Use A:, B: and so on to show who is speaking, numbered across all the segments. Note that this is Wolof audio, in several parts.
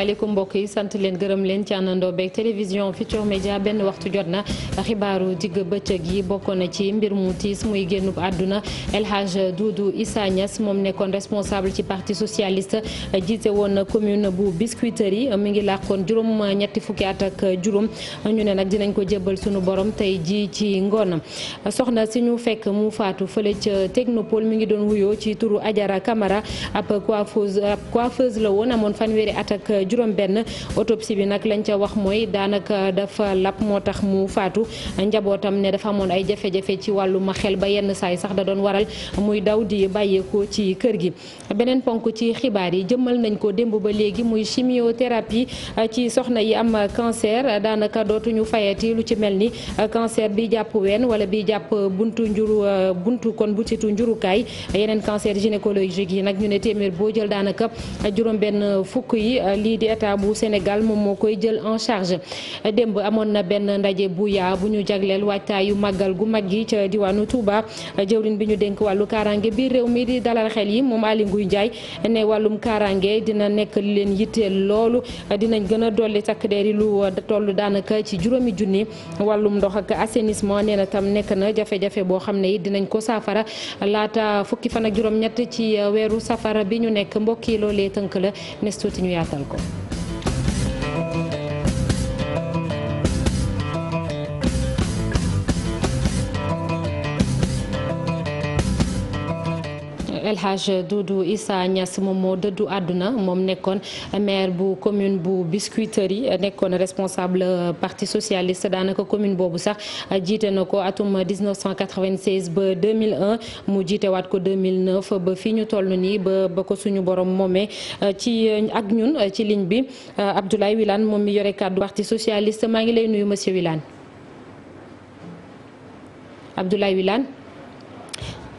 A: asalaamaaleykum mbokk yi sant leen gërëm leen ci àndandoo beeg télévision Futurs Médias benn waxtu jot na xibaaru digg bëccëg yi bokkoon na ci mbir mu tiis muy génnub àdduna El Hadj du Issa Niass moom nekkoon responsable ci parti socialiste jiite woon commune bu yi mi ngi làkkoon juróom ñetti fukki at ak juróom ñu ne nag dinañ ko jébbal sunu boroom tey ji ci ngoon soxna si ñu fekk mu faatu fële ca Technopole mi ngi doon wuyoo ci turu Ajara Camara ab coiffeuse juróom benn autopsie bi nag lañ ca wax mooy daanaka dafa lap moo tax mu faatu njabootam ne dafa amoon ay jafe-jafe ci wàllu ma xel ba yenn saay sax da doon waral muy daw di bàyyeekoo ci kër gi beneen ponk ci xibaar yi jëmmal nañ ko démb ba léegi muy chimiothérapie ci soxna yi am cancer daanaka dootuñu fayati lu ci mel ni cancer bi jàpp wenn wala bi jàpp buntu njuru buntu kon butitu njurukaay yeneen cancer gynécologique yi nag ñu ne téeméer boo jël daanaka di état bu Sénégal moom moo koy jël en charge démb amoon na benn ndaje bu yaa bu ñu jagleel yu màggal gu mag gi ca diwaanu Touba jëwriñ bi ñu dénk wàllu kaaraange biir réew mi di dalal xel yi moom Aly Ngouille Ndiaye ne wàllum kaaraange dina nekk leen yitteel loolu dinañ gën a dolli takk der yi lu toll daanaka ci juróomi junni wàllum ndox ak assainissement nee na tam nekk na jafe-jafe boo xam ne it dinañ ko saafara laata fukki fan ak juróom-ñett ci weeru safara bi ñu nekk mbokk yi loolee tënk la nes tuuti ñu yaatal El Hadj Doudou Issa Niass moom moo dëddu àdduna moom nekkoon maire bu commune bu Biscuiterie nekkoon responsable parti socialiste daanaka commune boobu sax jiite na ko atum 1996 ba 2001 mu jiite waat ko 2009 ba fii ñu toll nii ba ba ko suñu boroom moomee ci ak ñun ci ligne bi Abdoulaye Wilane moom mi yore kàddu parti socialiste maa ngi lay nuyu monsieur Wilane Abdoulaye Wilane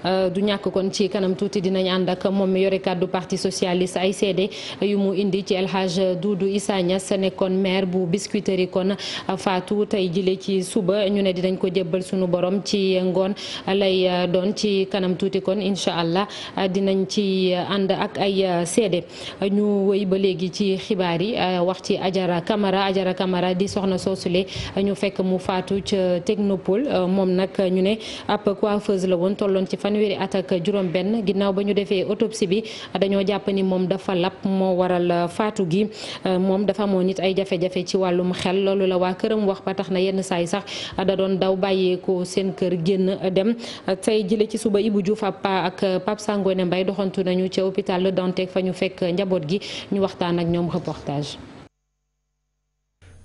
A: Euh, du ñàkk kon ci kanam tuuti dinañ ànd ak moom mi yore kàddu parti socialiste ay seede yu mu indi ci El Hadj Doudou Issa Niass nekkoon maire bu Biscuiterie kon faatu tey jile ci suba ñu ne dinañ ko jëbbal sunu borom ci ngoon lay euh, doon ci kanam tuuti kon incha allah euh, dinañ ci ànd ak ay seede ñu wëy ba léegi ci xibaar yi wax ci Ajara Camara Ajara Camara di soxna soosule ñu fekk mu faatu ca Technopole moom nag ñu ne ab coiffeuse la woon tolloon ci fan fanweeri at ak juróom-benn ginnaaw ba ñu defee autopsie bi dañoo jàpp ni moom dafa lap moo waral euh, faatu gi euh, moom dafa amoon nit ay jafe-jafe ci wàllum xel loolu la waa këram wax ba tax na yenn saay sax euh, dadoon daw bàyyeekoo seen kër génn dem tey jële ci suba Ibou ju ab pa ak Pape mbay doxantu nañu ca hôpital Le fa ñu fekk njaboot gi ñu waxtaan ak ñoom reportage.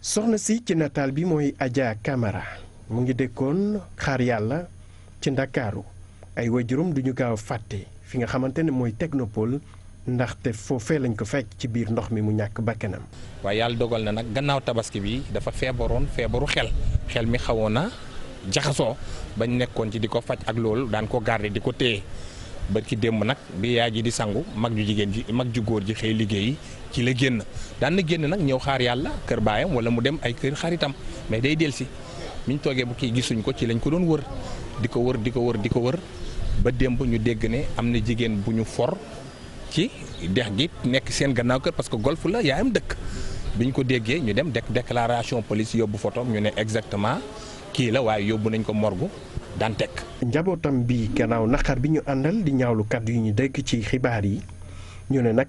B: soxna si ci nataal bi mooy Adja Camara mu ngi dëkkoon xaar yàlla ci Ndakaaru ay waajuram duñu gaaw a fàtte fi nga xamante ne mooy technopole ndaxte foofe lañ ko fekk ci biir ndox mi mu ñàkk bakkanam
C: waaye yàlla dogal na nag gannaaw tabaski bi dafa feebaroon feebaru xel xel mi xawoon na jaxasoo bañ nekkoon ci di ko faj ak loolu daan ko garder di ko téye ba ci démb nag bi yaay ji di sangu mag ju jigéen ji mag ju góor ji xëy liggéeyi ci la génn daan na génn nag ñëw xaar yàlla kër baayam wala mu dem ay kër xaritam mais day delsi miñ toogee bu gisuñ ko ci lañ ko doon wër di ko wër di ko wër di ko wër ba démb ñu dégg ne am na jigéen bu ñu for ci dex gi nekk seen gannaaw kër parce que golf la yaayam dëkk bi ñu ko déggee ñu dem def déclaration police yóbbu photo ñu ne exactement kii la waaye yóbbu nañ ko morgu daan teg
B: njabootam bii gannaaw naqar bi ñu àndal di ñaawlu kàddu yi ñu dégg ci xibaar yi ñu ne nag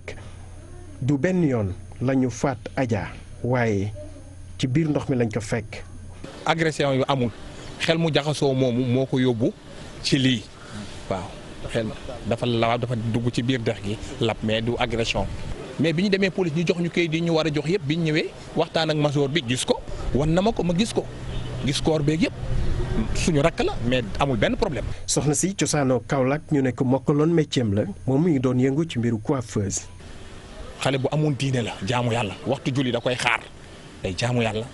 B: du benn yoon lañu faat Adja
C: waaye ci biir ndox mi lañ ko fekk agression yu amul xel mu jaxasoo moomu moo ko yóbbu ci lii waaw xel dafa lawaaw dafa dugg ci biir dex gi lab mais du agression mais bi ñu demee police ñu jox ñu kayit yi ñu war a jox yëpp bi ñu ñëwee waxtaan ak masoor bi gis ko wan na ma ko ma gis ko gis koor beeg yëpp suñu rakk la mais amul benn problème.
B: soxna si cosaanoo Kaolack ñu ne ko mokkaloon métier la moom mi ngi doon yëngu ci mbiru coiffeuse.
C: xale bu amoon diine la jaamu yàlla waxtu julli da koy xaar day jaamu yàlla.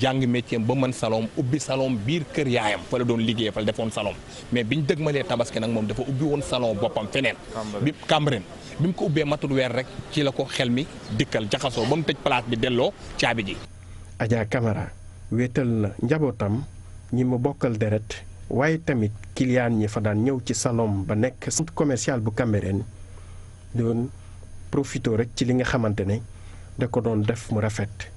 C: jàng métier ba mën salon ubbi salon biir kër yaayam fa la doon liggéey fa la defoon salon mais biñ dëgmalee tabaski nag moom dafa ubbi woon salon boppam feneen bi Cambérène bi mu ko ubbee matul weer rek ci la ko xel mi dikkal jaxasoo ba mu tëj place bi delloo caabi ji
B: Adja kamara wéetal na njabootam ñi mu bokkal deret waaye tamit kiliyaan ñi fa daan ñëw ci salon ba nekk centre commercial bu Cambérène doon profité rek ci li nga xamante ne da ko doon def mu rafet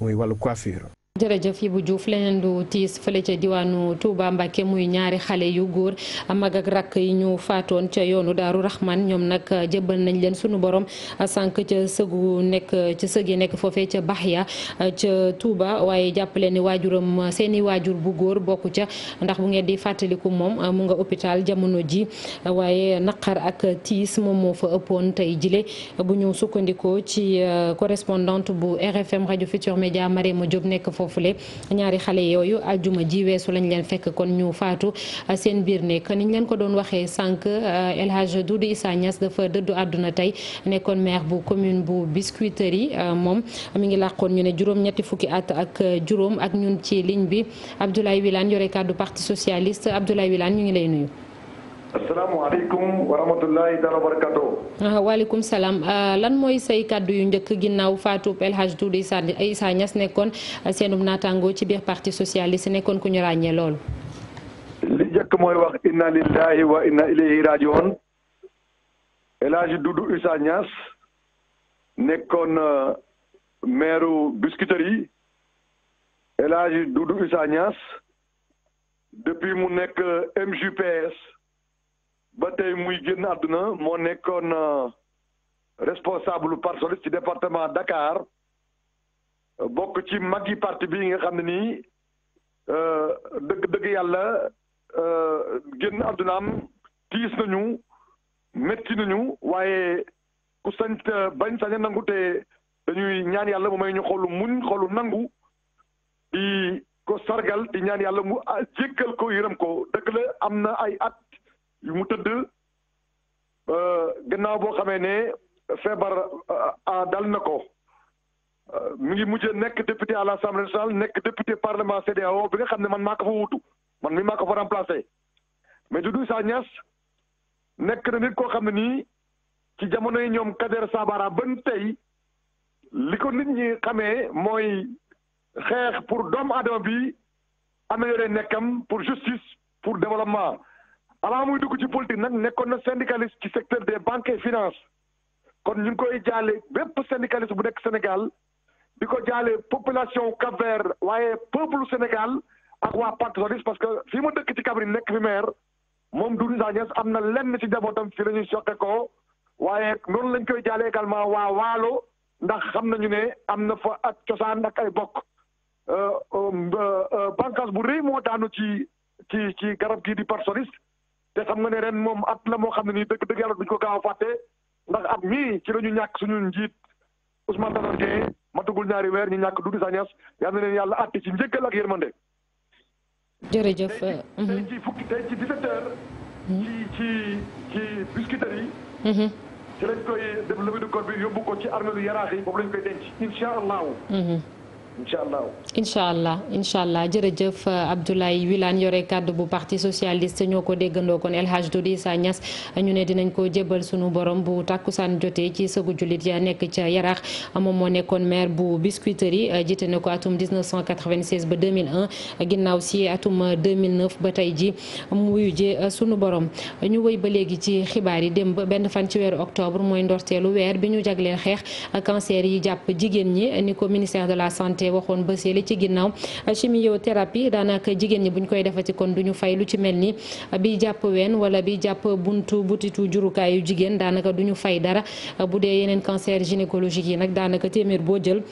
A: muy wàllu coiffure jërëjëf yi bu Diouf leneen du tiis fële ca diwaanu Touba Mbacké muy ñaari xale yu góor mag ak rakk yi ñu faatoon ca yoonu Daaru Rahman ñoom nag jëbbal nañ leen sunu borom sànq ca sëgu nekk ca sëg yi nekk foofee ca ya ca Touba waaye jàppale ni waajuram seeni waajur bu góor bokk ca ndax bu ngeen di fàttaliku moom mu nga hôpital jamono ji waaye naqar ak tiis moom moo fa ëppoon tey jile bu ñu sukkandikoo ci euh, correspondante bu RFM rajo Futur Média foofu foofule ñaari xale yooyu àjjuma ji weesu lañ leen fekk kon ñu faatu uh, seen biir nekk niñ leen ko doon waxee sànq uh, El Hadj Doudou Issa Niass dafa dëddu àdduna tey nekkoon maire bu commune bu Biscuiterie uh, moom mu ngi làqoon ñu ne juróom ñetti fukki at ak juróom ak ñun ci ligne bi Abdoulaye Wilane yore kàddu parti socialiste Abdoulaye Wilane ñu ngi lay nuyu.
D: asalaamaaleykum wa rahmatulahi taala wa barakato.
A: Ah, waaleykum salaam ah, lan mooy say kàddu yu njëkk ginnaaw Fatou El Hadj Doudou nekkoon ah, seenum naataango ci biir parti socialiste nekkoon ku ñu ràññee lool.
D: li njëkk mooy wax inna lillahi wa inna ilayhi rajiun El Hadj Doudou Issa nekkoon maire Biscuiterie El Hadj Doudou depuis mu nekk MJPS. ba tey muy génn àdduna moo nekkoon euh, responsable parti ci département Dakar euh, bokk ci mag yi parti bi nga xam ne nii euh, dëgg dëgg yàlla génn am tiis nañu metti nañu waaye ku sant bañ sañ a nangu te dañuy ñaan yàlla mu may ñu xolu muñ xolu nangu di ko sargal di ñaan yàlla mu ah, jékkal ko yërëm ko dëgg la am na ay at yu mu tëdd gannaaw boo xamee ne feebar euh, a dal na ko euh, mi ngi mujj nekk député à l'Assemblée nationale nekk député parlement CEDEAO bi nga xam ne man maa ko fa wutu man mi maa ko fa remplacé mais Doudou Issa Niass nekk na nit koo xam ne nii ci jamono yi ñoom Kader Sabara ban tey li ko nit ñi xamee mooy xeex pour doomu aadama bi améliorer nekkam pour justice pour développement avant muy dugg ci politique nag nekkoon na syndicaliste ci secteur des banques et finances kon ñu ngi koy jaale bépp syndicaliste bu nekk Sénégal di ko jaale population Cap-Vert waaye peuple Sénégal ak waa parti socialiste parce que fii ma dëkk ci Kaffrine nekk fi maire moom Doudou Sagnès am na lenn ci njabootam fii na ñuy soqe ko waaye noonu lañ koy jaale également waa Waalo ndax xam ñu ne am na fa ak cosaan ak ay bokk euh, euh, euh, bànqaas bu rëy moo ci ci ci garab kii di parti te xam nga ne ren moom at na moo xam ne nii dëgg dëgg yàlla duñ ko gaaw a fàtte ndax at mii ci la ñàkk suñu njiit Ousmane Tanor Dieng matugul ñaari weer ñu ñàkk du Doudou Sagnès yal na leen yàlla at ci njëkkal ak yërmande.
A: jërëjëf. tey ci
D: uh-huh. fukki tey ci 17 hmm. ci ci ci uh-huh. ci lañ koy def levée du corps bi yóbbu ko ci armée lu yaraax yi boobu koy denc incha allahu. Uh-huh.
E: incha allah
A: incha allah incha allah jërëjëf euh, Abdoulaye Wilane yore kàddu bu parti socialiste ñoo ko déggandoo kon El Hadj Doudou Issa Niass ñu ne dinañ ko jébbal sunu borom bu takkusaan jotee ci sëgu jullit ya nekk ca Yaraax moom moo nekkoon maire bu Biscuiterie euh, jiite na ko atum 1996 ba 2001 ginnaaw si atum 2009 ba tey ji mu wuyuje euh, sunu borom ñu woy ba léegi ci xibaar yi démb benn fan ci weeru octobre mooy ndorteelu weer bi ñu jagleel xeex cancer yi jàpp jigéen ñi ni ko ministère de la santé. Kanté waxoon bés yële ci ginnaaw chimiothérapie daanaka jigéen ñi buñ koy defati kon duñu fay lu ci mel ni bi jàpp ween wala bi jàpp buntu butitu jurukaayu jigéen daanaka du ñu fay dara bu dee yeneen cancer gynécologique yi nag daanaka téeméer boo jël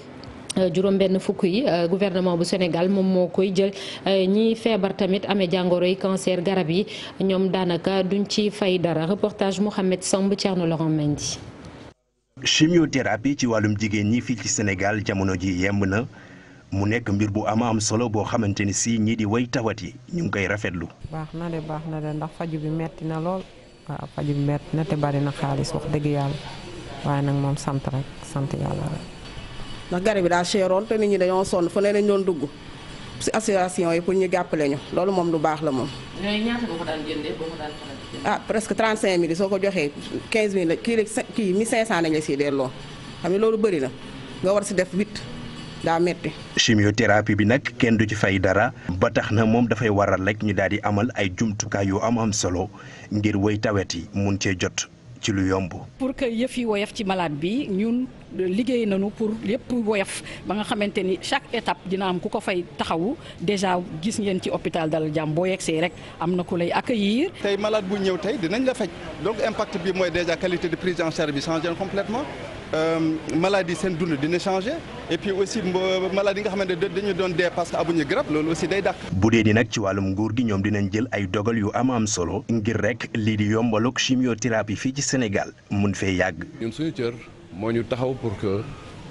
A: euh, juróom benn fukk yi euh, gouvernement bu Sénégal moom moo koy jël euh, ñi feebar tamit amee jàngoro yi cancer garab yi ñoom daanaka duñ ciy fay dara reportage Mouhamed Samb Thierno Laurent
F: Mendy chimiothérapie ci wàllum jigéen ñi fii ci Sénégal jamono ji yemb na mu nekk mbir bu ama am solo boo xamante ni si ñii di way tawat yi ñu ngi koy rafetlu.
E: baax na de baax na de ndax faju bi metti na lool waaw faju bi metti na te bari na xaalis wax dëgg yàlla waaye nag moom sant rek sant yàlla rek. ndax garab yi daa seeroon te nit ñi dañoo sonn fu ne lañ doon dugg si association yi pour ñu jàppale ñu loolu moom lu baax la moom. ah presque 35000 soo ko joxee 15000 la kii la kii 1500 lañ la siy delloo xam ne loolu bëri na nga war si def 8 daa metti
F: chimiothérapie bi nag kenn du ci fay dara ba tax na moom dafay waral lekk ñu daal di amal ay jumtukaay yu am am solo ngir woy tawet yi mun cee jot. ci lu yomb.
G: pour que yëf yi woyof ci malade bi ñun liggéey nañu pour lépp woyof ba nga xamante ni chaque étape dina am ku ko fay taxawu déjà gis ngeen ci hôpital Dalal Jàmm boo see rek am na ku lay accueillir.
H: tey malade bu ñëw tey dinañ la faj donc impact bi mooy déjà qualité de prise en charge bi changé complètement Euh, maladie seen dund dina changé et puis aussi
I: maladie nga xamante ne dañu doon dee parce que amuñu garab loolu aussi day dàq.
F: bu dee di nag ci wàllum nguur gi ñoom dinañ jël ay dogal yu am am solo ngir rek lii di yombaluk chimiothérapie fii ci Sénégal mun
J: fee yàgg. ñun suñu cër moo ñu taxaw pour que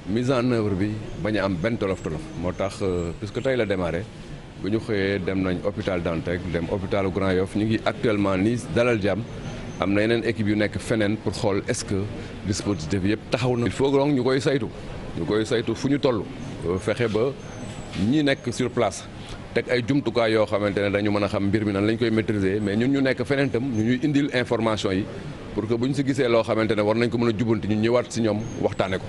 J: mise en œuvre bi bañ a am benn tolof tolof moo tax euh, que tey la démarré bu ñu xëyee dem nañ hôpital Dantec dem hôpital Grand Yoff ñu ngi actuellement nii dalal jàmm. am na yeneen équipe yu nekk feneen pour xool est-ce que dispositif yëpp taxaw na. il ñu koy saytu ñu koy saytu fu ñu toll fexe ba ñi nekk sur place teg ay jumtukaay yoo xamante ne dañu mën a xam mbir mi nan lañ koy maîtriser mais ñun ñu nekk feneen tam ñu ñuy indil information yi pour que bu ñu si gisee loo xamante ne war nañ ko mën a jubanti ñu ñëwaat si ñoom waxtaane ko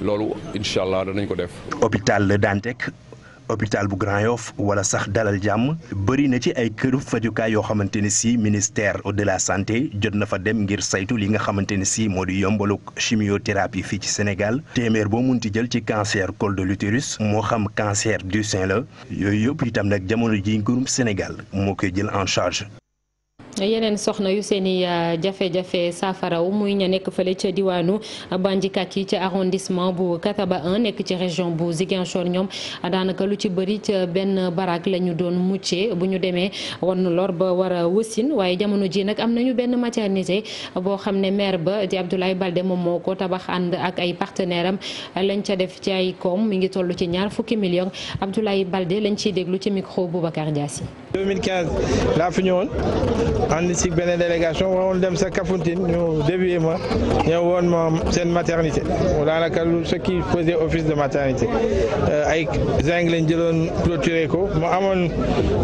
J: loolu incha allah danañ ko def.
F: hôpital Le Dantec. hôpital bu Grand Yoff wala sax dalal jàmm bëri na ci ay këru fajukaay yoo xamante ne si ministère de la santé jot na fa dem ngir saytu li nga xamante ne si moo di yombaluk chimiothérapie fii ci Sénégal téeméer boo munti jël ci cancer col de l'utérus moo xam cancer du sein la yooyu yëpp itam nag jamono ji nguurum Sénégal moo koy jël en charge
A: yeneen soxna yu seen i euh, jafe-jafe saafaraw muy ña nekk fële ca diwaanu Bandikat yi ca arrondissement bu Kataba 1 nekk ci région bu Ziguinchor ñoom daanaka lu ci bëri ca benn barak la ñu doon muccee bu ñu demee won lor ba war a wëssin waaye jamono ji nag am nañu benn maternité boo xam ne maire ba di Abdoulaye Balde moom moo ko tabax ànd ak ay partenaire am lañ ca def ci ay koom mi ngi toll ci ñaar fukki millions Abdoulaye Balde lañ ciy déglu ci micro Boubacar Diassi
K: 2015 ànd si benn délégation waroon dem sa Kafountine ñu dévié ma ñëw woon moom seen maternité daanaka lu ce qui faisait office de maternité euh, ay zinc lañ jëloon clôturé ko mu amoon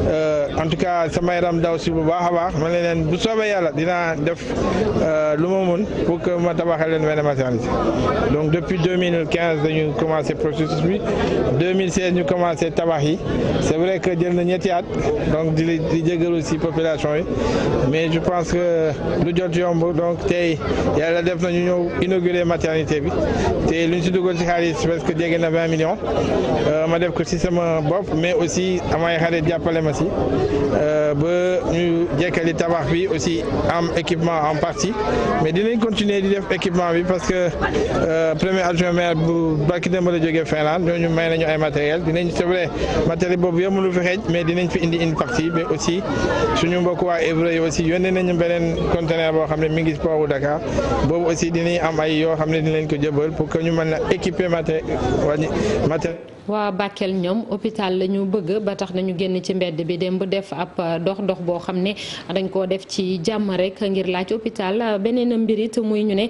K: euh, en tout cas sama yaram daw bu baax a baax ma ne leen bu soobee yàlla dina def euh, lu ma mun pour que ma tabaxal leen benn maternité donc depuis 2015 dañu commencé processus bi 2016 ñu commencé tabax yi c'est vrai que jël na ñetti at donc di di jégalu si population yi mais je pense que lu jot yomb donc tey la def na ñu ñëw inauguré maternité bi te lu ñu si dugal si xaalis parce na vingt millions euh, ma def ko si sama bopp mais aussi amay xarit jàppale ma si euh, ba ñu jekkali tabax bi aussi am équipement en partie mais dinañ continuer di def équipement bi parce que euh, premier adjoint maire bu bakki dama la jógee Finlande ñu may nañu ay matériel dinañ c'est vrai matériel boobu yëpp mënu fi xeej mais dinañ fi indi une partie mais aussi suñu mbokk waa Évreux aussi yónnee nañu beneen conteneur boo xam ne mi ngi si pooru Dakar boobu aussi dinañ am ay yoo xam ne dinañ leen ko jëbal pour que ñu mën na équiper maté wàññi maté
A: waa Bakel ñoom hôpital la ñu bëgg ba tax nañu génn ci mbedd bi dem bu def ab dox dox boo xam ne dañ koo def ci jàmm rek ngir laaj hôpital beneen mbirit muy ñu ne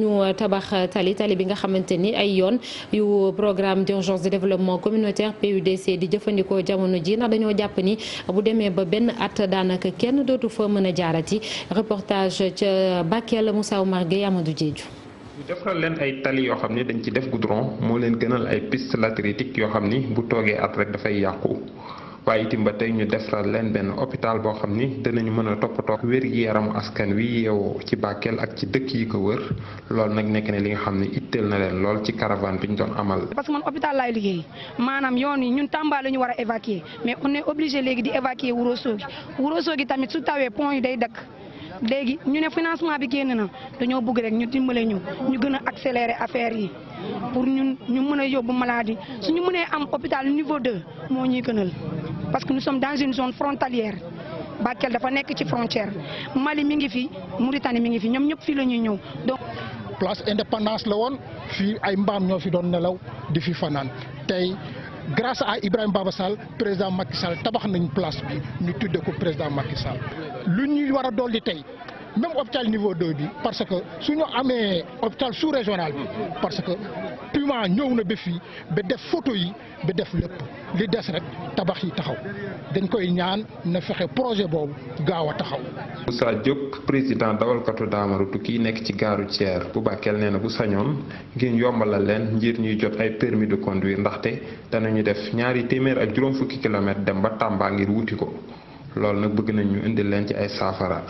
A: ñu tabax tali tali bi nga xamante ni ay yoon yu programme d'urgence de développement communautaire PUDC di jëfandikoo jamono ji ndax dañoo jàpp ni bu demee ba benn at daanaka kenn dootu fa mën a jaarati reportage ca Bakel Moussa Oumar Gueye Amadou Diédhiou
C: ñu defaral leen ay tali yoo xam ni dañ ci def goudron moo leen gënal ay piste latéritique yoo xam ni bu toogee at rek dafay yàqu waaye itam ba tey ñu defaral leen benn hôpital boo xam ni dinañu mën a toppatoo wér-gi-yaramu askan wi yeewoo ci Bakel ak ci dëkk yi ko wër loolu nag nekk ne li nga xam ne itteel na leen lool ci caravane bi ñu doon amal.
E: parce que hôpital laay liggéey maanaam yoon yi ñun Tamba la ñu war a évacuer mais on est obligé léegi di yi day dëkk. léegi ñu ne financement bi génn na dañoo bëgg rek ñu dimbale ñu ñu gën a accélérer affaire yi pour ñun ñu mën a yóbbu maladie suñu mënee am hôpital niveau de moo ñuy gënal parce que nous sommes dans une zone frontalière Bakel dafa nekk ci frontière Mali mi ngi fi Mauritanie mi ngi fi ñoom ñëpp fii la ñuy ñëw donc. place indépendance la woon fii ay mbaam ñoo fi doon nelaw di fi fanaan tey
L: grâce à Ibrahima Baba Sall président Macky Sall tabax nañu place bi ñu tudde ko président Macky Sall. lu ñuy war a dolli tey même hôpital niveau 2 bi parce que su ñu amee hôpital sous régional bi parce que Puma ñëw na ba fii ba def photo yi ba def lépp li des rek tabax yi taxaw dañ koy ñaan na fexe projet boobu
I: gaaw a taxaw.
C: Moussa Diop président dawalkatu Daamaru tukki nekk ci gaaru Thiès bu Bakel nee na sa sañoon ngeen yombalal leen ngir ñuy jot ay permis de conduire ndaxte danañu def ñaari téeméer ak juróom fukki kilomètres dem ba Tamba ngir wuti ko. loolu nag bëgg nañ ñu indil leen ci ay saafara.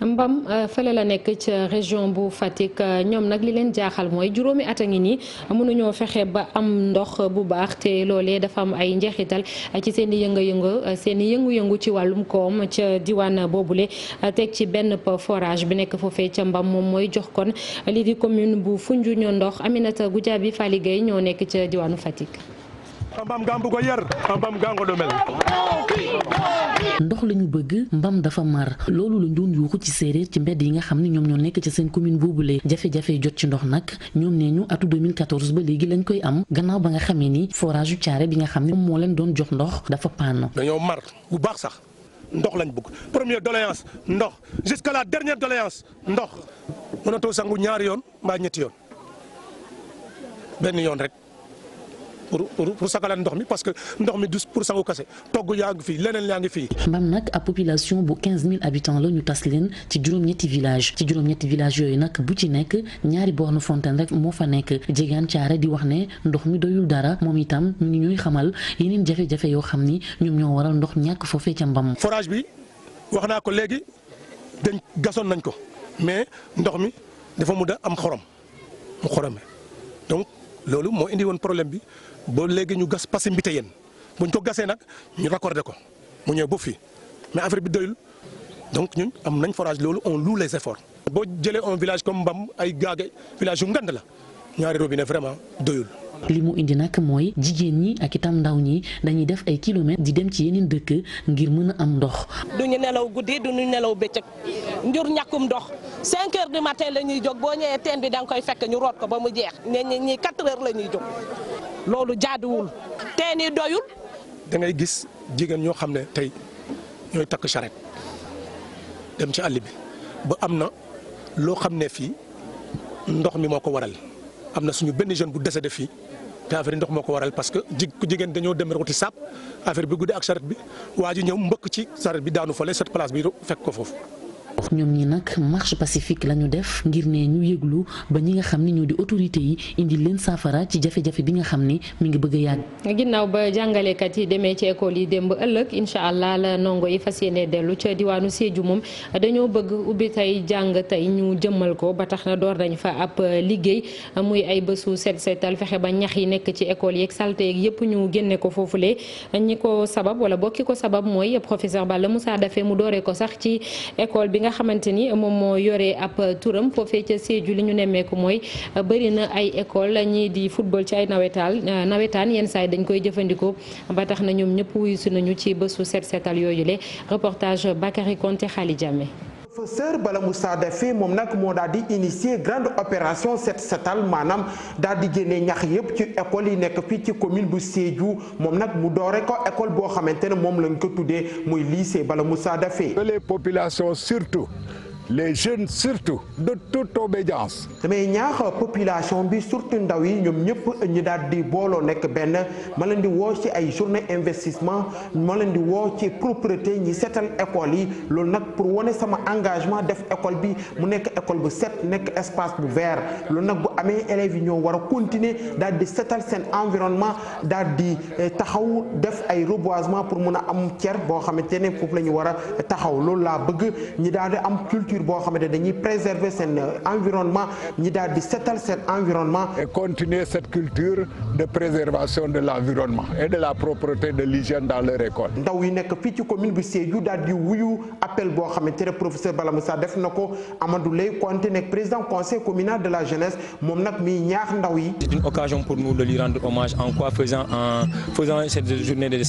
A: Mbam euh, fële la nekk ca région bu Fatick euh, ñoom nag li leen jaaxal mooy juróomi at a ngi nii mënuñoo fexe ba am ndox bu baax te loolee dafa am ay njeexital euh, ci seen i yëngu-yëngu seen i yëngu-yëngu ci wàllum koom ca diwaan boobule teg ci benn forage bi nekk foofee ca Mbam moom mooy jox kon lii di commune bu Foundiougne ndox Aminata Goudiaby Faly Gueye ñoo nekk ca diwaanu Fatick.
L: mbam gaa mbug a yar mbam gaa ngodo mel
M: ndox lañu bëgg mbam dafa mar loolu lañ doon yuuxu ci séeréer ci mbedd yi nga xam ne ñoom ñoo nekk ci seen commune boobule jafe-jafe jot ci ndox nag ñoom nee ñu atu 2014 ba léegi lañ koy am gannaaw ba nga xamee ni forage yu caare bi nga xam ne moo leen doon jox ndox dafa pann
L: dañoo mar bu baax sax ndox lañ bëgg première doléance ndox jusqu'à la dernière doléance ndox mënatoo sangu ñaari yoon mbaa ñetti yoon benn yoon rek pour pour sagalal ndox mi parce que ndox mi du pour sangu kase togg yaa ngi fii leneen yaa ngi fii.
M: Mbam nag ab population bu 15000 habitants la ñu tas leen ci juróom-ñetti village ci juróom-ñetti village yooyu nag bu ci nekk ñaari borne fontaine rek moo fa nekk Diegane Thiaré di wax ne ndox mi doyul dara moom itam ni ñuy xamal yeneen jafe-jafe yoo xam ni ñoom ñoo waral ndox ñàkk foofee ca Mbam. forage
L: bi wax naa ko léegi dañ gasoon nañ ko mais ndox mi dafa mën a am xorom mu xorome donc loolu moo indi woon problème bi. boo léegi ñu gas passé mbite yéen buñ ko gasee nag ñu raccordé ko mu ñëw ba fi mais affaire bi doyul donc ñun am nañ forage loolu on loue les efforts. boo jëlee on village comme Mbam ay gaage village yu ngand la ñaari robine vraiment
M: doyul. li mu indi nag mooy jigéen ñi ak itam ndaw ñi dañuy def ay kilomètres di dem ci yeneen dëkk ngir mën a am ndox.
E: du ñu nelaw guddi du ñu nelaw bëccëg njur ñàkkum ndox 5 heures du matin la ñuy jóg boo ñëwee teen bi da nga koy fekk ñu root ba mu jeex ñi ñi 4 heures la ñuy jóg. loolu jaaduwul teen yi doyul.
L: da ngay gis jigéen ñoo xam ne tey ñooy takk charrette dem ci àll bi ba am na loo xam ne fii ndox mi moo ko waral am na suñu benn jeune bu décédé fii te affaire yi ndox moo ko waral parce que ji jigéen dañoo dem rek wuti sàpp affaire bi guddee ak charrette bi waa ji ñëw mbëkk ci charrette bi daanu fale cette place bi fekk ko foofu.
M: ñoom ñi nag marche pacifique la ñu def ngir ne ñu yëglu ba ñi nga xam ni ñoo di autorité yi indi leen saafara ci jafe-jafe bi nga xam ni mi ngi bëgg a yàgg.
A: ginnaaw ba jàngalekat yi demee ci école yi démb ëllëg incha allah la ndongo yi fas yéene dellu ca diwaanu Sédhiou moom dañoo bëgg ubbi tey jàng tey ñu jëmmal ko ba tax na door dañ fa ab liggéey muy ay bésu set setal fexe ba ñax yi nekk ci école yeeg salte yeeg yëpp ñu génne ko foofulee ñi ko sabab wala bokki nga xamante ni moom moo yore ab turam foofee ca Sédhiou li ñu nemmeeku mooy bëri na ay école ñii di football ci ay nawetaal nawetaan yenn saa yi dañ koy jëfandikoo ba tax na ñoom ñëpp wuyu nañu ci bésu set setal yooyu le reportage Bakary Konte Khali Diame
H: professeur bala mu Moussa Daffé moom nag moo daal di initier grande opération set setal maanaam daal di génne ñax yépp ci école yi nekk fii ci commune bu Sédhiou moom nag mu doore ko école boo xamante ne moom lañ ko tuddee muy lycée bala mu Moussa Daffé les population surtout les jeunes surtout de toute obédience. damay ñaax population bi surtout ndaw yi ñoom ñëpp ñu daal di booloo nekk benn ma leen di woo ci ay journée investissement ma leen di woo ci propreté ñi seetal école yi loolu nag pour wane sama engagement def école bi mu nekk école bu set nekk espace bu vert loolu nag bu amee élèves yi ñoo war a continuer daal di seetal seen environnement daal di eh, taxaw def ay reboisement pour mun a am cer boo xamante ne foofu la ñu war a taxaw loolu laa culture boo xamante ne dañuy préserver seen euh, environnement ñi daal di setal seen environnement. et continuer cette culture de préservation de l'environnement et de la propreté de l'hygiène dans leur école. ndaw yi nekk fii commune bu Sédhiou daal wuyu appel boo xamante ne professeur Bala Moussa def na ko Amadou Lay Konté nekk président conseil communal de la jeunesse moom nag miy ñaax ndaw yi. c'est une
L: occasion pour nous de lui rendre hommage en quoi faisant cette journée yi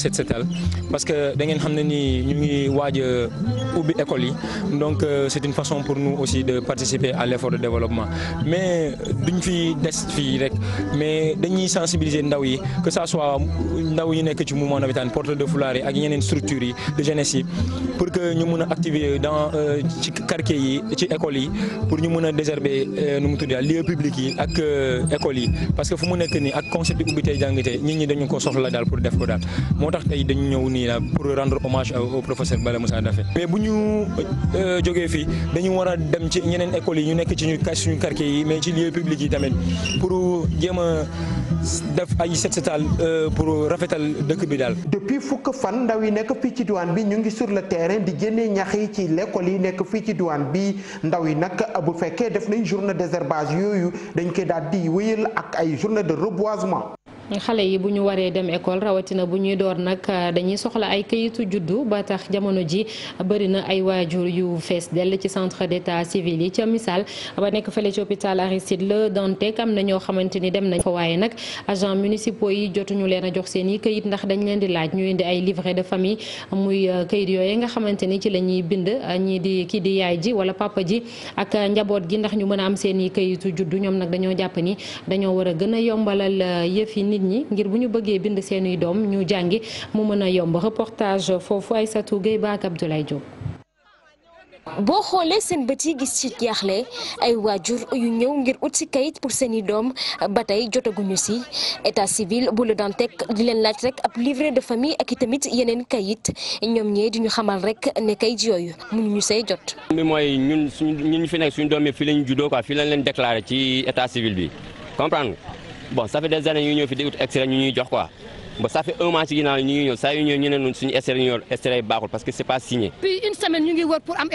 L: euh, façon pour nous aussi de participer à l'effort de développement mais duñ fi des fii rek mais dañuy sensibiliser ndaw yi que ça soit ndaw yi nekk ci mouvement navétane porte de foulard yi ak yeneen structures yi de jeunesse yi pour que ñu mun a activer dans euh, ci quartier yi ci écoles yi pour ñu mun a désherber euh, nu mu tuddee a public yi ak euh, écoles yi parce que fu mu nekk nii ak concept ubbi tey jàng tey nit ñi dañu ko soxla daal pour def ko daal moo tax tey dañu ñëw nii la pour rendre hommage au professeur Bala Moussa Daffé mais bu ñu fii dañu war a dem ci ñeneen école yi ñu nekk ci ñu kas suñu quartier yi mais ci lieu public yi tamit pour jéem a def ay set setal euh, pour rafetal dëkk bi daal.
H: depuis fukk fan ndaw yi nekk fii ci diwaan bi ñu ngi sur le terrain di génnee ñax yi ci l'école yi nekk fii ci diwaan bi ndaw yi nag bu fekkee def nañ journée désherbage yooyu dañ koy daal di wéyal ak ay journée de reboisement.
A: xale yi bu ñu waree dem école rawatina bu ñuy door nag euh, dañuy soxla ay kayitu juddu ba tax jamono ji bëri na ay waajur yu fees dell ci centre d'état civil yi ca misaal ba nekk fële ci hôpital Aristide Le Dantec am na ñoo xamante ni dem nañ fa waaye nag agent municipaux yi jotuñu leen a jox seen i këyit ndax dañ leen di laaj ñu indi ay livret de famille muy euh, kayit yooyu nga xamante ni ci lañuy bind euh, ñii di kii di yaay ji wala papa ji ak njaboot gi ndax ñu mën a am seen i këyitu juddu ñoom nag dañoo jàpp ni dañoo war a gën a yombalal nit ñi ngir bu ñu bëggee bind seeni doom ñu jàngi mu mën a yomb reportage foofu Aïssatou Gueye Ba ak Abdoulaye Diop.
G: boo xoolee seen bët yi gis ci jaaxle ay waajur yu ñëw ngir ut si kayit pour seen i doom ba tey jotaguñu si état civil bu la daan teg di leen laaj rek ab livret de famille ak i tamit yeneen kayit ñoom ñee di ñu xamal rek ne kayit yooyu mënuñu sey jot.
C: bi mooy ñun suñu ñun ñu fi nekk suñu doom yi fii la ñu juddoo quoi fii lañ leen déclaré ci état civil bi comprendre bon ça fait des années ñu ñëw fi di ut extrait ñu ñuy jox quoi ba ça fait un mois ci ginnaaw ñu ngi ñu ne ñun ñu yor extrait yi baaxul parce que c'est pas signé.
G: puis une semaine ñu ngi wër ko am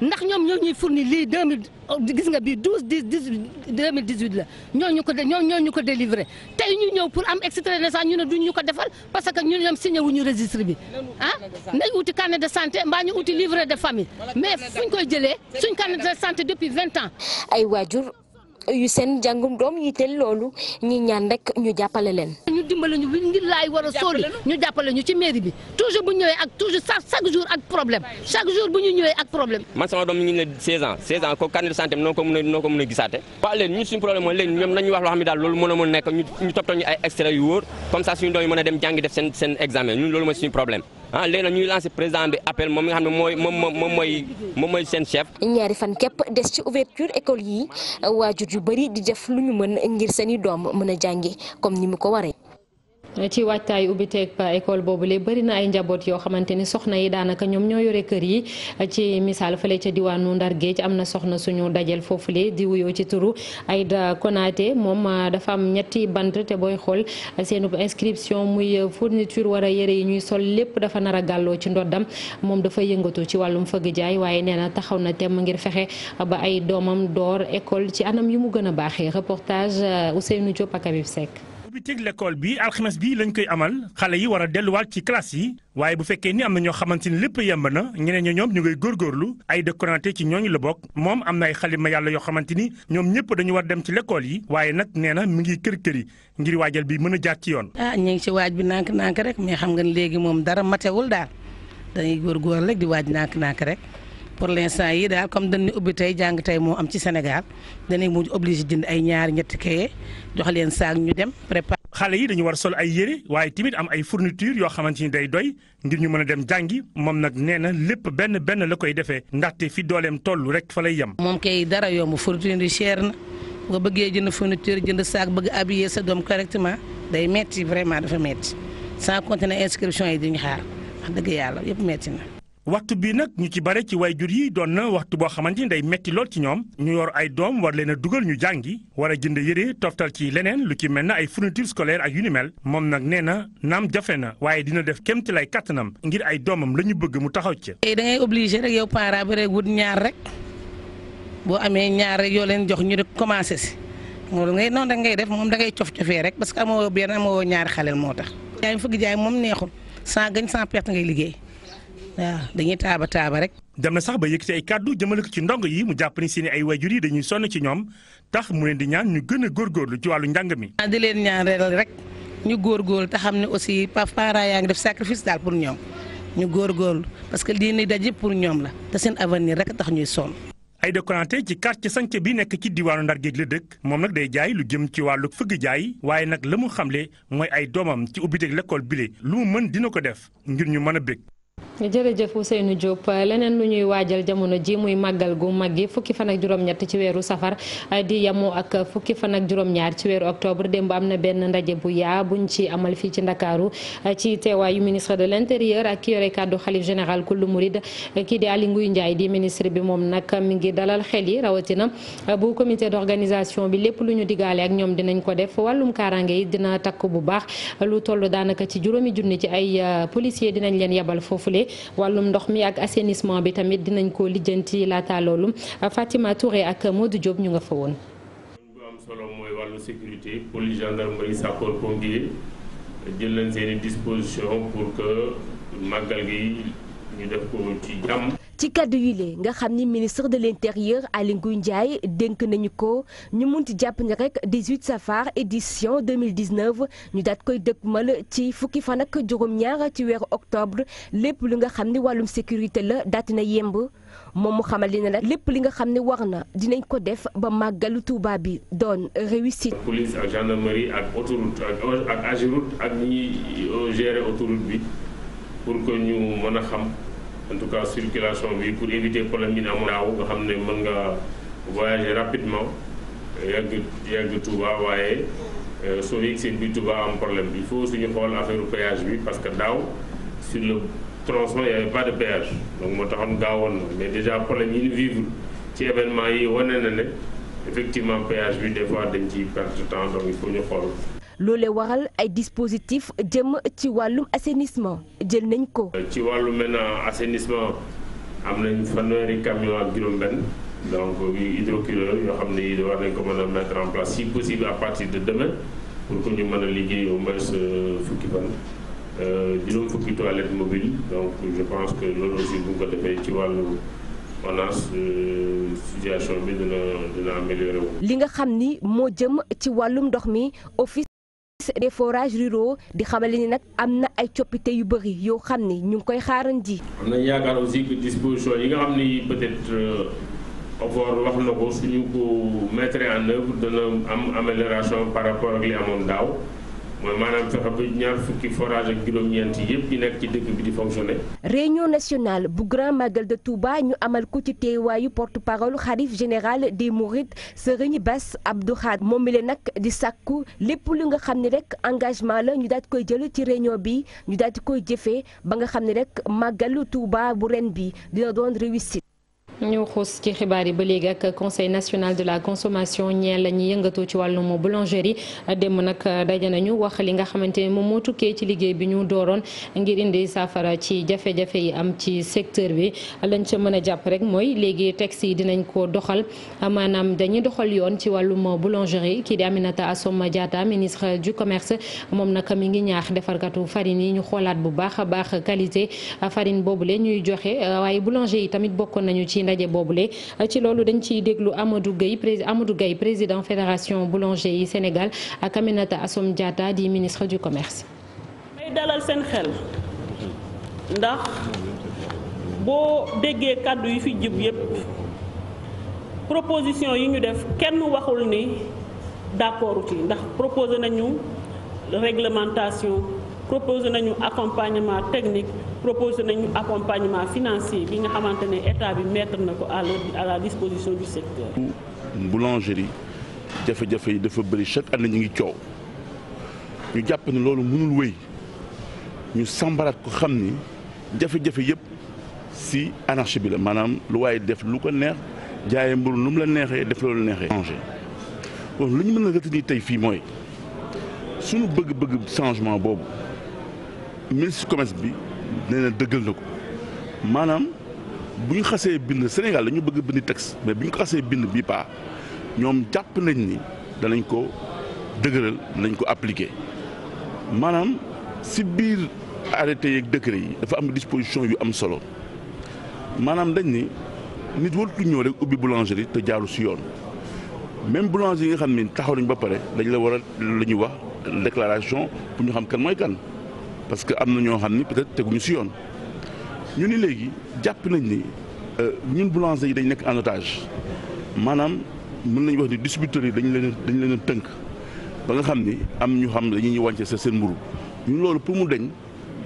G: ndax ñoom ñoo ñuy lii gis nga bii la ñu ko de ñoo ñoo ñu ko délivré tey ñu ñëw pour am extrait de naissance ñu ne duñ ñu ko defal parce que ñun ñoom signé wuñu registre bi ah nañ uti carnet de santé mbaa ñu uti livret de famille mais fuñ koy jëlee suñ carnet de santé depuis vingt ans yu seen jàngum doom yitteel loolu ñi ñaan rek ñu jàppale leen. ñu dimbale ñu ngir laay war a ñu jàppale ñu ci mairie bi toujours bu ñu ñëwee ak problème.
C: man sama doom ñu ngi ne 16 ans 16 ans ko carnet de santé noo ko mën a gisaate. waaw léegi ñun suñu problème mooy léegi ñoom nañu wax loolu mën nekk ñu ñu toppatoo ay extrait comme ça suñu doom yi mën a dem jàngi def seen examen ñun loolu mooy suñu problème. ah léegi nag ñuy lancer président bi appel moom nga xam mooy moom moom mooy moom seen chef.
G: ñaari fan képp des ci ouverture école yi waajur yu bëri di def lu ñu mën ngir seeni doom mën a jàngi
A: comme ni mu ko waree. ci waajtaayu ubbiteeg école boobu lee bëri na ay njaboot yoo xamante ni soxna yi daanaka ñoom ñoo yore kër yi ci misaal fële ca diwaanu Ndar Géej am na soxna suñu dajel foofu le di wuyoo ci turu Aïda konaate moom euh, dafa am ñetti bant te booy xool seen inscription muy euh, fourniture war a yére yi ñuy sol lépp dafa nar a gàlloo ci ndoddam moom dafa yëngatu ci wàllum fëgg jaay waaye nee na taxaw na temm ngir fexe ba ay doomam door école ci anam yi mu gën a baaxee reportage euh, Ousseynou Diop ak Habib
N: ubbitik l'école bi alxames bi lañ koy amal xale yi war a delluwaat ci classe yi waaye bu fekkee ni am na ñoo xamante ni lépp yemb na ñeneen ñoom ñu ngay góorgóorlu ay dëkkonaate ci ñooñu la bokk moom am na ay xalima yàlla yoo xamante ni ñoom ñëpp dañu war dem ci lekkool yi waaye nag nee na mi ngi kër kër yi ngir waajal bi mën a jaar ci yoon
E: ah ñu ngi ci waaj bi nànk nànk rek mais xam nga léegi moom dara matewul daal dañuy góor góor rek di waaj nànk nànk rek pour l'instant yi daal comme dañu ubbi tey jàng tey moo am ci Sénégal dañuy mujj obligé jënd ay ñaari ñetti kaye jox leen saag ñu dem
N: préparer. xale yi dañu war sol ay yére waaye tamit am ay fourniture yoo xamante ni day doy ngir ñu mën a dem jàngi moom nag nee na lépp benn benn la koy defee ndaxte fi dooleem tollu rek fa lay yem.
E: moom kay dara yomb fourniture cher na nga bëggee jënd fourniture jënd saag bëgg habiller sa doom correctement day metti vraiment dafa metti sans compter na inscription yi duñu xaar dëgg yàlla yëpp metti na.
N: waxtu bi nag ñu ci bare ci jur yi doon na waxtu boo xamante ni day metti lool ci ñoom ñu yor ay doom war leen a dugal ñu jàngi war a jënd yëre toftal ci leneen lu ci mel na ay fourniture scolaire ak yu ni mel moom nag nee na naam jafe na waaye dina def kem ci lay kàttanam ngir ay doomam la ñu bëgg mu taxaw ca.
E: Eh, da ngay obligé rek yow parent bi rek wut ñaar rek boo amee ñaar rek yoo leen jox ñu rek commencé si moom ngay noonu rek ngay def moom dangay cof cofee rek parce que amoo benn amoo ñaari xaleel moo tax. jaay fëgg jaay moom neexul sans gain ngay liggéey. waaw dañuy taaba taaba rek.
N: dem na sax ba yëkkati ay kàddu jëmale ko ci ndongo yi mu jàpp ni seen ay wayjur yi dañuy sonn ci ñoom tax mu leen di ñaan ñu gën a góorgóorlu ci wàllu njàng mi.
E: di leen ñaan rek ñu góor te xam ne aussi parents yaa ngi def sacrifice daal pour ñoom ñu góorgóorlu parce que lii ni daje pour ñoom la te seen avenir rek tax ñuy sonn.
N: Aïda Konaté ci quartier Sanke bi nekk ci diwaanu Ndar géej la dëkk moom nag day jaay lu jëm ci wàllu fëgg jaay waaye nag la mu xamle mooy ay doomam ci ubbiteeg lekkool bile lu mu mën dina ko def ngir ñu mën a bég
A: jërëjëf Ousseynou Diop leneen lu ñuy waajal jamono ji muy màggal gu mag yi fukki fan ak juróom-ñett ci weeru safar di yamu ak fukki fan ak juróom-ñaar ci weeru octobre démb am na benn ndaje bu yaa buñ ci amal fii ci ndakaaru ci teewaayu ministre de l' intérieur ak ki yore kàddu xalif général kullu murid kii di Aly Ngouille Ndiaye di ministre bi moom nag mi ngi dalal xel yi rawatina bu comité d' organisation bi lépp lu ñu digaale ak ñoom dinañ ko def wàllum kaaraange yi dina takk bu baax lu toll daanaka ci juróomi junni ci ay policier dinañ leen yebal foofu foofule wàllum ndox mi ak assainissement bi tamit dinañ ko lijjanti laata loolu Fatima Touré ak Modou Diop ñu nga fa woon.
O: bu am solo mooy wàllu sécurité police gendarmerie sapeurs-pompiers jël nañ disposition pour que màggal gi ñu def ko ci jàmm.
G: ci kàddu yu lee nga xam ni ministre de l'intérieur Aly Ngouille Ndiaye dénk nañu ko ñu munti jàpp ni rek 18 safar édition 2019 ñu daat koy mal ci fukki fan ak juróom-ñaar ci weeru octobre lépp li nga xam ni wàllum sécurité la daati na yemb moom mu xamal li ne la lépp li nga xam ne war na dinañ ko def ba màggalu Touba bi doon réussite.
O: police ak gendarmerie ak autoroute ak ak ak ñi gérer autoroute bi pour que ñu mën a xam. en tout cas circulation bi pour éviter problème yi ne amoon daaw nga xam ne mën nga voyager rapidement yàgg yàgg Touba waaye euh, soo yegsee bi Touba am problème bi foo suñu xool affaire péage bi parce que daaw si le tronçon y avait pas de péage donc moo taxoon gaawoon na mais déjà problème yi ñu vivre ci événement yi wane na ne effectivement péage bi des fois dañ ciy perte temps donc il ñu xool
G: loolee waral ay dispositif jëm ci wàllum assainissement jël nañ ko.
O: ci wàllu maintenant assainissement am nañ fanweeri camion ak juróom-benn donc hydrocureur yoo xam ne yi war nañ ko mën a mettre en place si possible à partir de demain pour que ñu mën a liggéey au moins euh, fukki fan. Euh, juróom fukki toilette mobile donc je pense que loolu aussi bu nga ko defee ci wàllu ONAS euh, situation bi dina améliorer wu.
G: li nga xam ni moo jëm ci wàllum ndox mi office. des forages ruraux di xamale ni nag am na ay coppite yu bëri yoo xam ni ñu ngi koy xaaran ji
O: am nañ yaakaar aussi que disposition yi nga xam ni peut-être euh, OFOR wax na ko suñu ko mettre en œuvre dana am amélioration par raport ak li amoon daaw mooy maanaam
G: réunion nationale bu grand màggal de Touba ñu amal ko ci teewaayu porte-parole xalif général des Mourides Serigne Bass Abdou Khadre moom mi nag di sakku lépp lu nga xam ni rek engagement la ñu daal di koy jël ci réunion bi ñu daal di koy jëfee ba nga xam ni rek màggalu Touba bu ren bi dina doon réussite.
A: ñu xuus ci xibaar yi ba léegi ak conseil national de la consommation ñeel la ñuy yëngatoo ci wàllum boulangerie démb nag daje nañu wax li nga xamante ne moom moo tukkee ci liggéey bi ñu dooroon ngir indi saafara ci jafe-jafe yi am ci secteur bi lañ ca mën a jàpp rek mooy léegi texte yi dinañ ko doxal maanaam dañuy doxal yoon ci wàllum boulangerie kii di Aminata Assome Diatta ministre du commerce moom nag mi ngi ñaax defarkatu farine yi ñu xoolaat bu baax a baax qualité farine boobule ñuy joxe waaye ndaje boobule ci loolu dañ ciy déglu Amadou Gueye prés Amadou président fédération boulanger yi Sénégal ak Aminata Assome Diatta di ministre du commerce.
E: may dalal seen xel ndax
H: boo déggee kàddu yi fi jub yépp proposition yi ñu def kenn waxul ni d'accord ci ndax proposé nañu réglementation. proposé nañu accompagnement technique proposé nañu accompagnement financier bi nga xamante ne état bi mettre na ko à la disposition du secteur.
P: boulangerie jafe-jafe yi dafa bëri chaque année ñu ngi coow ñu jàpp ne loolu mënul wéy ñu sàmbaraat ko xam ni jafe-jafe yëpp si anarche bi la maanaam lu waaye def lu ko neex jaaye mburu nu la neexee def loolu neexee. kon lu ñu mën a retenir tey fii mooy. sunu bëgg-bëgg changement boobu ministre commerce bi nee na dëggal na ko maanaam bu ñu xasee bind Sénégal dañu bëgg bind texte mais bu ñu ko xasee bind bi paa ñoom jàpp nañ ni danañ ko dëgëral danañ ko appliquer maanaam si biir arrêté yeeg décret yi dafa am disposition yu am solo maanaam dañ ni nit waratu ñëw rek ubbi boulangerie te jaaru si yoon même boulanger yi nga xam ni taxaw nañ ba pare dañ la war a la ñuy wax déclaration pour ñu xam kan mooy kan. parce que am na ñoo xam ni peut-être teguñu si yoon ñu ni léegi jàpp nañ ni euh, ñun boulanger yi dañu nekk en otage maanaam mun nañu wax ni distributeurs yi dañu leen dañ leen tënk ba nga xam ni am ñu xam dañuy wànce sa seen mburu ñu loolu pour mu deñ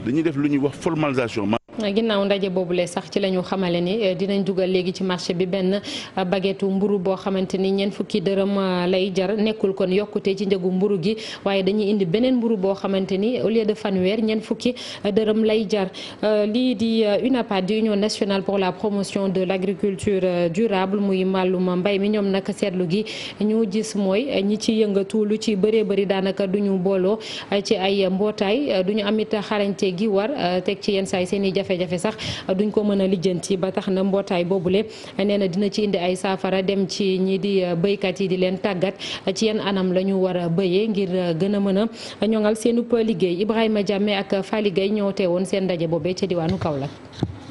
P: dañuy def lu ñuy wax formalisation
A: ginnaaw ndaje boobu boobule sax ci la ñu xamale ni eh, dinañ dugal léegi ci marché bi benn eh, baguette mburu boo xamante ni ñeent fukki dërëm eh, lay jar nekkul kon yokkute ci njëgu mburu gi waaye dañuy indi beneen mburu boo xamante ni au lieu de fanweer ñeent fukki dërëm lay jar lii di UNAPAD di Union nationale pour la promotion de l'agriculture durable muy màllum mbay mi ñoom nag seetlu gi ñu gis mooy ñi ci yëngatu lu ci bëree bëri daanaka duñu booloo ci ay mbootaay duñu amit xarañte gi war teg ci yenn saay seen i jafe-jafe sax duñ ko mën a lijjanti ba tax na mbootaay boobule nee na dina ci indi ay saafara dem ci ñi di euh, béykat yi di leen tàggat ci yenn anam la ñu war a béyee ngir euh, gën a mën a ñoŋal seenub liggéey Ibrahima Diame ak Fally Gueye ñoo teewoon seen ndaje boobee ca diwaanu Kaolack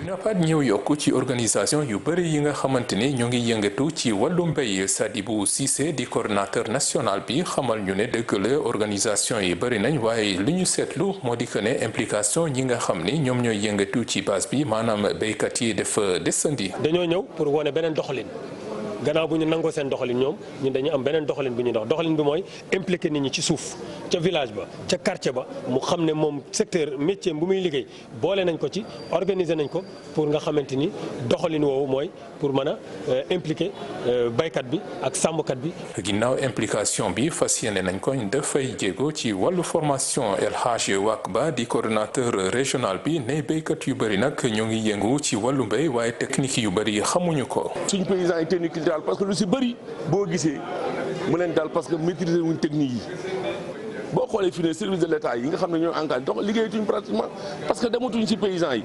J: NAPAT ñëw yokk ci organisation yu bëri yi nga xamante ni ñu ngi yëngatu ci wàllu mbéy Sadibou Cissé di coordinateur national bi xamal ñu ne dëgg la organisation yi bëri nañ waaye li ñu seetlu moo di que ne implication ñi nga xam ni ñoom ñooy yëngatu ci base bi maanaam béykat yi dafa desandi. dañoo ñëw pour wane beneen doxalin. gannaaw
L: bu ñu nangoo seen doxalin ñoom ñun dañuy am beneen doxalin bu ñuy dox doxalin bi mooy impliqué nit ñi ci suuf ca village ba ca quartier ba mu xam ne moom secteur métier bu muy liggéey boole nañ ko ci organiser nañ ko pour nga xamante ni doxalin woowu mooy pour mën a euh, impliqué euh,
J: baykat bi ak sàmmkat bi. ginnaaw implication bi fas yéene nañ ko dafay jéego ci wàllu formation El Hadj Wak Ba di koordinateur régional bi ne béykat yu bëri nag ñoo ngi yëngu ci wàllu mbéy waaye technique yu bëri xamuñu ko.
O: dal parce que
P: lu si bëri boo gisee mu leen dal parce que maîtriser wuñ technique yi boo xoolee fii ne service de l'État yi nga xam ne ñoo encadré donc liggéeyatuñ pratiquement parce que dematuñ ci paysans yi.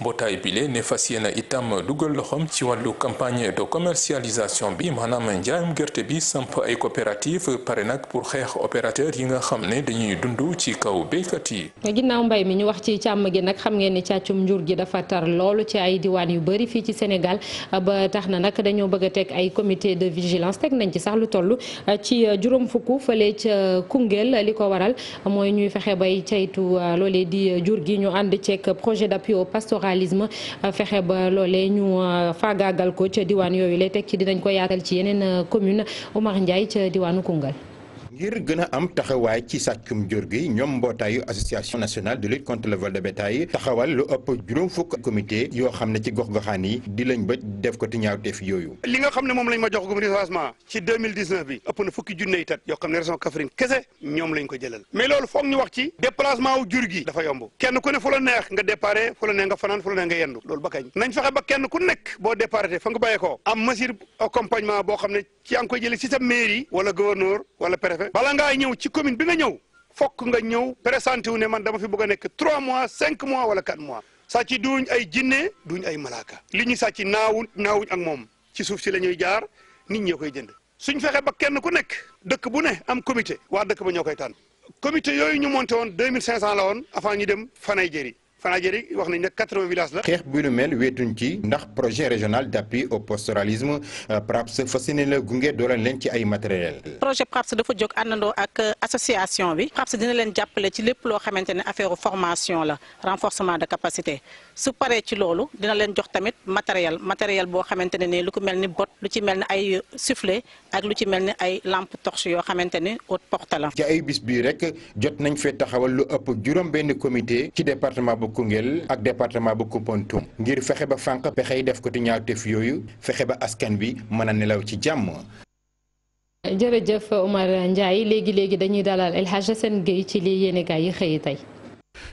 J: mbootaay bile ne fas yéene itam dugal loxoom ci wàllu campagne de commercialisation bi maanaam njaayum gerte bi samp ay coopérative pare nag pour xeex opérateur yi nga xam ne dañuy dund ci kaw béykat yi.
A: ginnaaw mbay mi ñu wax ci càmm gi nag xam ngeen ni càccum njur gi dafa tar loolu ci ay diwaan yu bëri fii ci Sénégal ba tax na nag dañoo bëgg teg ay comité de vigilance teg nañ ci sax lu toll ci juróom fukk fële ca li ko waral mooy ñuy fexe bay caytu euh, loolee di euh, jur gi ñu ànd ceeg projet d'appui au pastoralisme euh, fexe ba loole ñu faagaagal ko ca diwaan yooyu lay teg ci dinañ ko yaatal ci yeneen commune Omar Ndiaye ca diwaanu Koungheul
H: ngir jur gi ñoom mbootaayu association nationale de lutte contre le vol taxawal lu ëpp juróom fukk comité yoo xam ne ci gox-goxaan yi di lañ ba def ko ti ñaawteef yooyu
N: li nga xam ne moom lañ ma jox gum recensement ci bi ëpp na fukki junne yi tat yoo xam ne région Kaffrine kese ñoom lañ ko jëlal mais loolu foog ñu wax ci déplacement wu jur gi dafa yomb kenn ku ne fu la neex nga déparé fu la neex nga fanaan fu la neex nga yendu loolu ba kañ nañ bala ngaa ñëw ci commune bi nga ñëw fokk nga ñëw présenté wu ne man dama fi bëgg a nekk 3 mois cinq mois wala 4 mois sàcc duñ ay jinne duñ ay malaaka li ñu sàcc naawuñ naawuñ ak moom ci suuf si la ñuy jaar nit ñee koy jënd suñ fexe ba kenn ku nekk dëkk bu ne am comité waa dëkk ba ñoo koy tànn comité yooyu ñu monté woon 2500 la woon avant ñu dem fanay jëri Fanajeeri wax nañ ne 80 villages la.
H: ndax projet régional d' appui au pastoralisme euh, PRAPS fas yéene la gunge dooleel leen ci ay matériel
E: projet PRAPS dafa jóg àndandoo ak euh, association bi PRAPS dina leen jàppale ci lépp loo xamante ne affaire formation la renforcement de capacité su paree ci loolu dina leen jox tamit matériel matériel boo xamante ne ni lu ko mel ni bot lu ci mel ni ay euh, sifflet ak lu ci mel ni ay lampe torche yoo xamante ni haute
H: porte la. ci ay bis bii rek jot nañ fee taxawal lu ëpp juróom benn Koungheul ak département bu Koumpentoum ngir fexe ba fànq pexe yi def ko ti yooyu fexe ba askan bi mën a nelaw ci
I: jàmm.
A: jërëjëf Omar Ndiaye léegi léegi dañuy dalal El Hadj seen Gueye ci li yéenekaay yi xëy tey.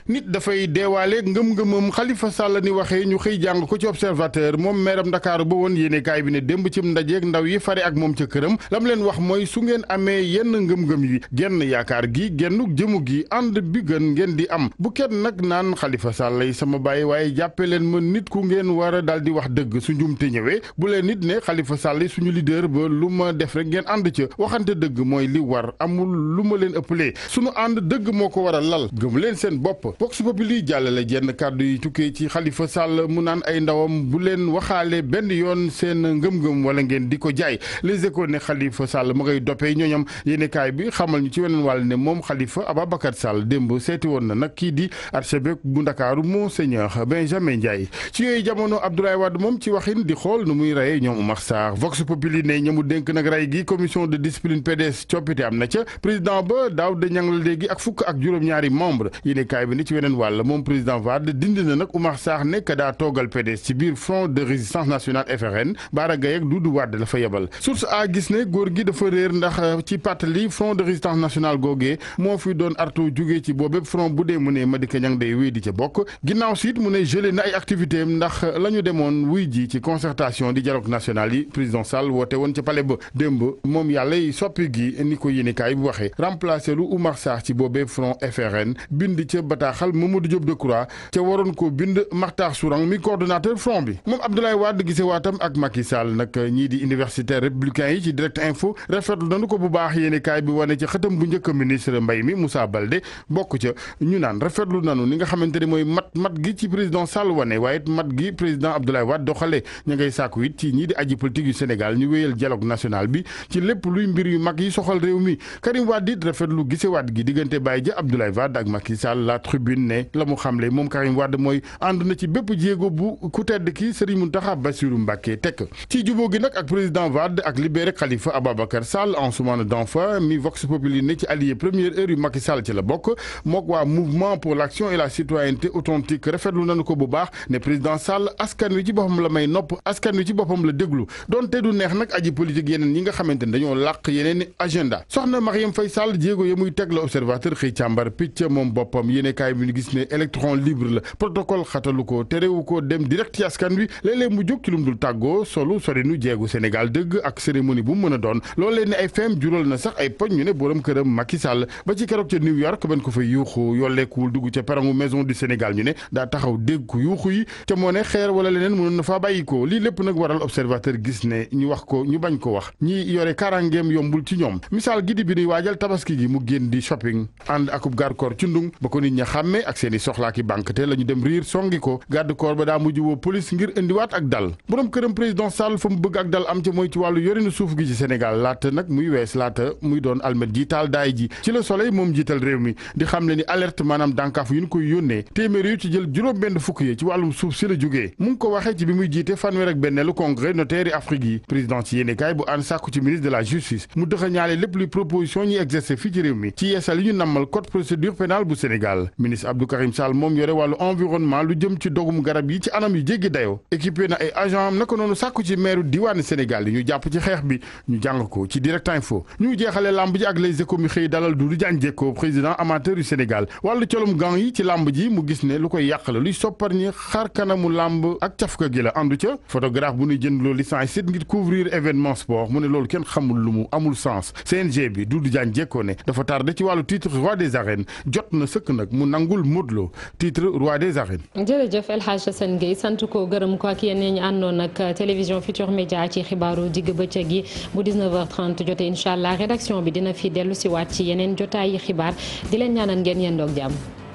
I: nit dafay deewaaleeg ngëm-ngëmam Xalifa Sall ni waxee ñu xëy jàng ko ci observateur moom meeram Ndakaaru ba woon yéene kaay bi ne démb cim ndajeek ndaw yi fare ak moom ca këram lam leen wax mooy su ngeen amee yenn ngëm-ngëm yi genn yaakaar gi gennu jëmu gi ànd bi gën ngeen di am bu kenn nag naan Xalifa Sall yi sama bàyyi waaye jàppee leen mën nit ku ngeen war a daal di wax dëgg su njumte ñëwee bu leen nit ne Xalifa Sall yi suñu leader ba lu ma def rek ngeen ànd ca waxante dëgg mooy li war amul lu ma leen ëppalee suñu ànd dëgg moo ko war a lal gëm leen seen bopp Vox Populi jàllale jenn kàddu yi tukkee ci Xalifa Sall mu naan ay ndawam bu leen waxaale benn yoon seen ngëm-ngëm wala ngeen di ko jaay Les Échos ne Xalifa Sall ma ngay doppee ñooñam yéenekaay bi xamal ñu ci weneen wàll ne moom Xalifa Ababacar Sall démb seeti woon na nag kii di archevêque bu Ndakaaru Monseigneur Benjamin Ndiaye ci yooyu jamono Abdoulaye Wade moom ci waxin di xool nu muy reyee ñoom Oumar Sarr Vox Populi ne ñamu dénk nag rey gi commission de discipline PDS coppite am na ca président ba daaw de ñang la léegi ak fukk ak juróom-ñaari membre yéenekaay bi ni ci weneen wàll moom président Wade dindi na nag Oumar Sarr nekk daa toogal PDS ci biir Front de résistance nationale FRN Baara Gaye ak Doudou Wade la fa yebal a gis ne góor gi dafa réer ndax euh, ci pàttali Front de résistance nationale googee moo fi doon artu jógee ci boobépp front bu dee mu ne Madické Niang day wéy di ca bokk ginnaaw si mu ne gelé na ay activité ndax euh, la demoon wuy ji ci concertation di dialogue national yi président Sall woote woon ca palais ba démb moom yàlla yi soppi gi bataaxal Mamadou Diop Decroix ca waroon ko bind Makhtar Sourang mi coordonnateur front bi moom Abdoulaye Wade gisee waatam ak Macky Sall nag ñii di universitaire républicain yi ci direct info rafetlu nañu ko bu baax yéeni kaay bi wane ci xëtam bu njëkk ministre mbay mi Moussa Baldé bokk ca ñu naan rafetlu nanu ni nga xamante mooy mat mat gi ci président Sall wane waaye mat gi président Abdoulaye Wade doxalee ñu ngay sàkku it ci ñii di aji politique bi ci lépp yu yi soxal réew mi Karim Wade it rafetlu gisewaat gi la tribune ne la mu xamle moom Karim Wade mooy ànd na ci bépp jéego bu ku tedd ki Serigne Mountakha Bassirou Mbacké teg ci jubóo gi nag ak président Wade ak libéré Khalifa Ababacar Sall Ansoumana Danfa mi Vox Populi ne ci allié première heure yu Macky Sall ci la bokk mook waa mouvement pour l'action et la citoyenneté authentique rafetlu nañu ko bu baax ne président Sall askan wi ci boppam la may nopp askan wi ci boppam la déglu donte du neex nag aji politique yeneen yi nga dañoo làq yeneen agenda soxna Mariam Faye Sall jéego ya muy teg la observateur xëy càmbar yéenekaay bi ñu gis ne électron libre la protocole xatalu ko terewu ko dem direct ci askan wi léeg-léeg mu jóg ci lum tàggoo solu sorinu jeegu Sénégal dëgg ak cérémonie bu mu mën a doon loolee ne ay feem jural na sax ay poñ ñu ne borom këram Macky ba ci keroog ca New York bañ ko fa yuuxu yolleekuwul dugg ca perangu maison du Sénégal ñu ne daa taxaw dégg ko yuuxu yi ca moo ne xeer wala leneen mënoon na faa bàyyi ko lii lépp nag waral observateur ne ñu ko ñu ko wax ñi yore karangeem yombul ci ñoom misaal gidi bi ñuy waajal tabaski gi mu génn di shopping ña xàmme ak seeni i soxlaa ki banque te la dem riir songi ko garde corps ba daa mujj woo police ngir indiwaat ak dal borom këram président Sall fa mu bëgg ak dal am ca mooy ci wàllu yorinu suuf gi ci Sénégal laata nag muy wees laata muy doon almet ji taal daay ji ci la soleil moom jiital réew mi di xam le ni alerte maanaam dànkaaf yu ñu koy yónnee téeméer yu ci jël juróom benn fukk yi ci wàllum suuf si la jógee mu ngi ko waxee ci bi muy jiite fanweer ak benneelu congrès notaire yi Afrique yi président ci yéenekaay bu ànd sàkku ci ministre ci réew mi ci yeesal yi Sall ministre Abdou Karim moom yore wàllu environnement lu jëm ci dogum garab yi ci anam yu jéggi dayo équipé na ay agent am naka noonu sàkku ci meeru diwaanu Sénégal yi ñu jàpp ci xeex bi ñu jàng ko ci direct info ñu jeexale làmb ji ak les écomi xëy dalal du Diagne Diécko président amateur yu Sénégal wàllu colum gang yi ci làmb ji mu gis ne lu koy yàq la luy soppar ñi xar kanamu làmb ak cafka gi la andu ca photographe bu ñuy jënd loolu licence sit ngir couvrir événement sport mu ne loolu kenn xamul lu mu amul sens CNG bi Doudou Diagne Diécko ne dafa tardé ci wàllu titre roi des arènes jot na sëkk nag mu nangul Modou Lo titre roi des arènes.
A: jërëjëf El s n Gueye sant ko gërëm ko ak yeneen ñi àndoon nag télévision Futur Média ci xibaaru digg bëccëg yi bu 19h30 jotee incha allah rédaction bi dina fi dellu si waat ci yeneen jotaay yi xibaar di leen ñaanal ngeen yendoog jàmm.